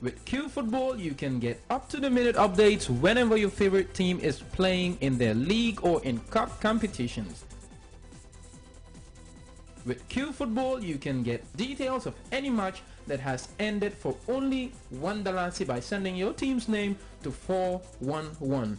With Q Football, you can get up-to-the-minute updates whenever your favorite team is playing in their league or in cup competitions. With Q Football, you can get details of any match that has ended for only $1 by sending your team's name to 411.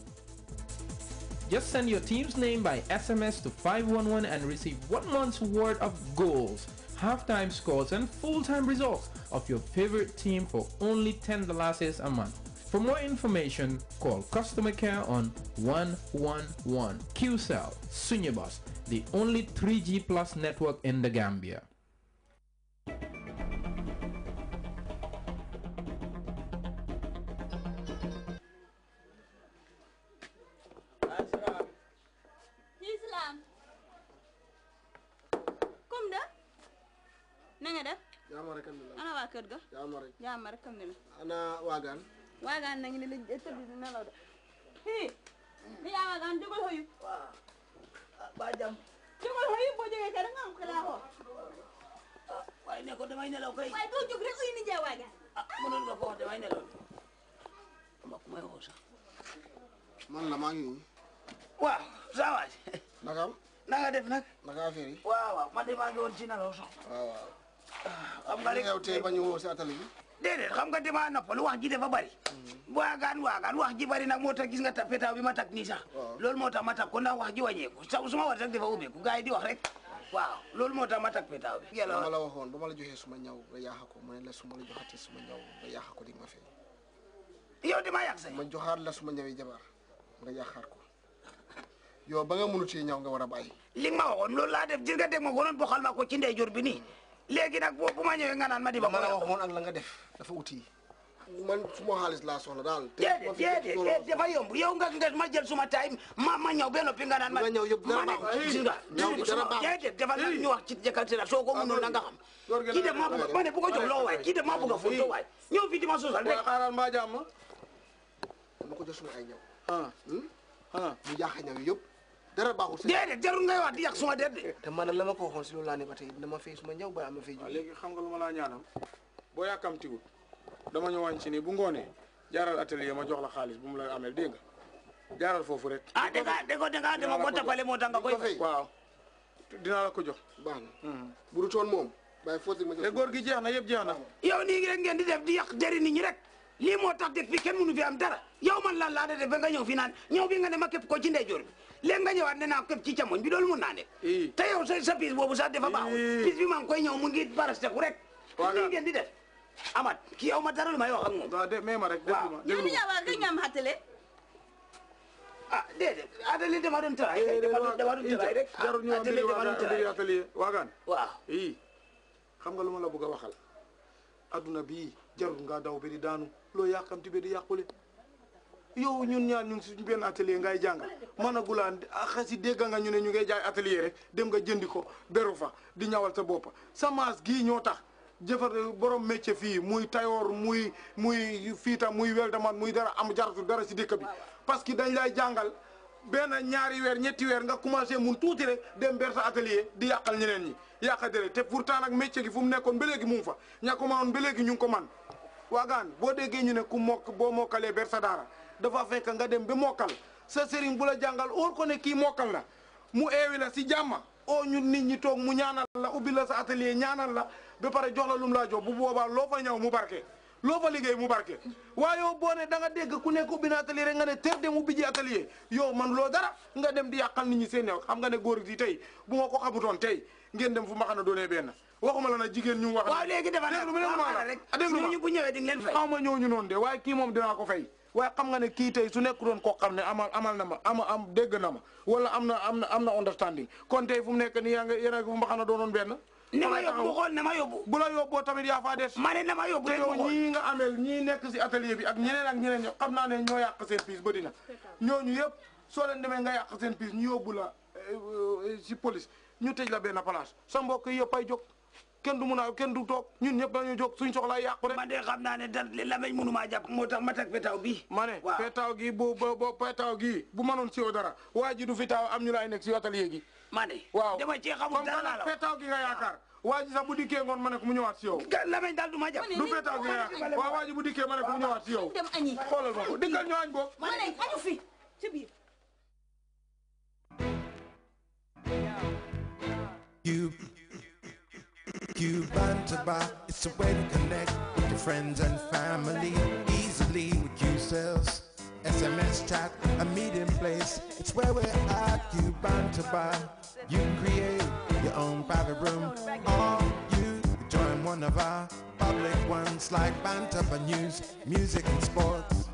Just send your team's name by SMS to 511 and receive one month's worth of goals, halftime scores, and full-time results of your favorite team for only $10 a month. For more information, call customer care on 111 QCell, Sunyabus, the only 3G plus network in the Gambia. Ya mereka am ana waa ga ni la ana waagaan di nelaw de ba jam jógal xëyu boo jógee kay da nga am xilaa kay waaye doo jóg rek uy ni jee ah mënoon nga ko wax damay nelaw ma ko may woo sax man la maa ngi nii waaw nagam def de ngi ci xam nga rek yow tey bañu woo si atali bi déedéet xam nga dama noppalu wax ji dafa bari hmm. waagaan waagaan wax ji bari nag moo tax gis nga tapetaaw bi ma tak nii sax loolu moo tax ma tak ko ndax wax ji wàññeeku sa suma war rek dafa ubbeeku gars yi di wax rek waaw loolu moo tax ma tak petaaw bi yàlla ma la waxoon ba ma la joxee suma ñaw nga yaaxa ko ma ne la suma la joxati suma ñaw nga ko di ma fay yow dama yàq sa ma joxaat la suma ñawi jabar nga yaaxaar ko yow ba nga mënu ci ñaw nga war a bàyyi li ma waxoon lool laa def jir nga dégg ma ko noon boxal ma ko ci ndeyjoor bi nii hmm. léegi nag boo bu ma ñëwee nga naan ma di ma la waxoon ak nga def dafa uti. man suma xaalis laa soxla daal. déedéet déedéet dafa yomb yow nga nga ma jël suma taay ma ma ñëw ba noppi nga naan ma. ma ñëw yëpp dara baaxul si nga. déedéet dafa ko mënoon na nga xam. kii de ma ne bu ko jox loo waay kii de maa bëgg a foto waay ñëw fii di ma suusal rek. waaw xaaral mbaa jàmm. dama ah. Hmm? Ah. yëpp. dara baaxul si déedéet jarul ngay wax di yàq suma déet de eh, te man la ma ko waxoon si loolu laa ne ba tey dama fay suma ñaw balaa ma fay jóg léegi xam nga ma laa ñaanam boo yàkkamtiwul dama ñu wàññi ci nii bu ngoonee jaaral atelier ma jox la xaalis bu mu la amee dégg nga jaaral foofu rek ah dégg nga dégg nga dégg nga dama ko tapale moo tax nga koy fay waaw dinaa la ko jox baax na hmm. bu toon moom bàyyi foofu ma te góor gi jeex na yëpp jeex na yow nii rek ngeen di def di yàq jëri nit ñi rek lii moo tax dëkk fi kenn mënu fi am dara yow man lan laa da def ba nga ñëw fi naan ñëw bi nga ne ma képp ko ci ndeyjoor bi léegi nga ñëwaat ne naa képp ci càmmoñ bi loolu mun naa nekk te yow sa piis boobu sax dafa baaxul piis bi maa ngi koy ñëw mu ngi parasté ku rek lii ngeen di def amat ki yow ma dara lu may wax ak moom waaw de mais ma rek déglu ma déglu ma ga ah, nga lu ma la bëgg a waxal adduna bii jarul ngaa daw ba daanu loo yàqamti ba di yàqule yow ñun ñaar ñu ngi suñu benn atelier ngay jàngal man a gulaan ah, xasi dégg nga ñu ne ñu ngay jaay atelier rek dem nga jëndi ko beru fa di ñawal sa bopp semence gii ñoo tax jëfar borom métier fii muy tayoor muy muy fiita muy weldaman muy dara am jaratu dara si dëkk bi parce que dañ lay jàngal benn ñaari weer ñetti weer nga commencé mun tuuti rek dem ber sa atelier di yàqal ñeneen ñi yàqadere te pourtant nag métier gi fu mu nekkoon ba léegi mu ngi fa ña ko manoon léegi ñu ngi ko man waagaan boo déggee ñu ne ku mokk boo mokkalee ber sa daara dafa fekk nga dem ba mokkal sa sëriñ bu la jàngal óor ko ne kii mokkal na mu eewi si jàmma oo oh, ñun ni ñi toog mu ñaanal la ubbi la sa atelier ñaanal la ba pare jox la lum laa jox bu boobaa loo fa ñëw mu barke loo fa liggéey mu barke waaye yow boo ne da nga dégg ku nekk ubbi na atelier rek nga ne ter dem ubbi yow man loo dara nga dem di yàqal nit ñi seen yow xam nga ne góor gi tey ko xamutoon tey ngeen dem fu ma xana doonee benn jigéen ñu wax. waaw léegi defal na déglu ma déglu ma ñëwee di ngeen fay. xaw ñu noonu de waaye kii moom dinaa ko fay. waaye xam nga ne kii tey su nekk doon koo xam ne amal amal na ma ama am dégg na ma wala am na am na am na understanding kon tey fu mu nekk nii yaa nga yéen a fu mbaxana doonoon benn ne ma yóbbu xool ne ma yóbbu bu la tamit yaa faa des ma ne ne ma yóbbu te yow ñii nga amel ñii nekk si atelier bi ak ñeneen ak ñeneen ñoo xam naa ne ñoo yàq seen piis ba dina ñooñu yëpp soo leen demee nga yàq seen piis ñu yóbbu la eh, eh, si police ñu tëj la benn place sa mbokk yëpp ay jog kenn du mun a kenn du toog ñun ñëpp dañu jóg suñ soxlaa yàqu man de xam naa ne dan li lamañ mënu maa tax ma teg petaaw bi. ma ne petaaw gi bu bu petaaw bu mënoon si yow dara waa ji du fi taaw am ñu laay nekk si yottal yéegi. ma ne waaw dama cee xamul dara la comme petaaw gi nga yaakaar. waa ji bu dikkee ngoon ma ne mu ñëwaat si yow. lamañ daal du ma jàpp. du petaaw gi nga yaakaar waaw waa bu dikkee ma ne mu ñëwaat si yow. xoolal añ boobu. Cuban Tabac. It's a way to connect with your friends and family easily with yourselves. SMS chat, a meeting place. It's where we're at, Cuban Tabac. You can create your own private room, or you join one of our public ones like banter for news, music, and sports.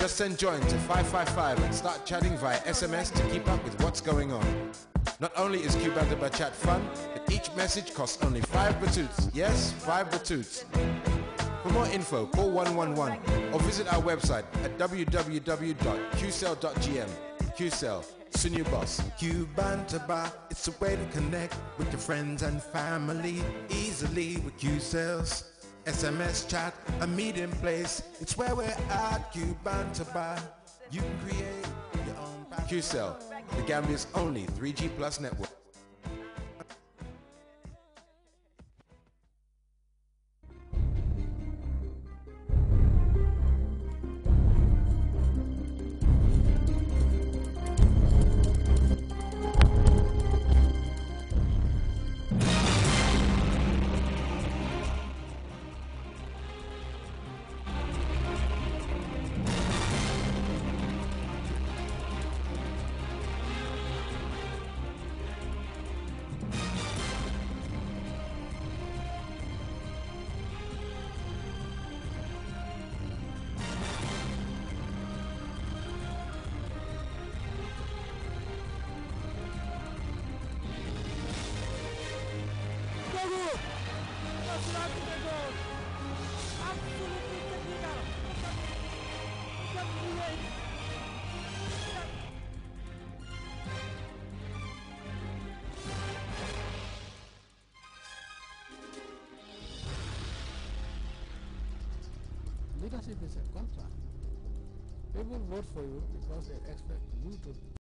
Just send join to 555 and start chatting via SMS to keep up with what's going on. Not only is Cuban Tabac chat fun, each message costs only 5 batoots. Yes, 5 batoots. For more info, call 111 or visit our website at www.qcell.gm. QCell, soon your boss. Cuban Taba, it's a way to connect with your friends and family easily with QCells. SMS chat, a meeting place. It's where we're at, Cuban Taba. You can create your own... QCell, the Gambia's only 3G plus network. leadership is a contract. People vote for you because they expect you to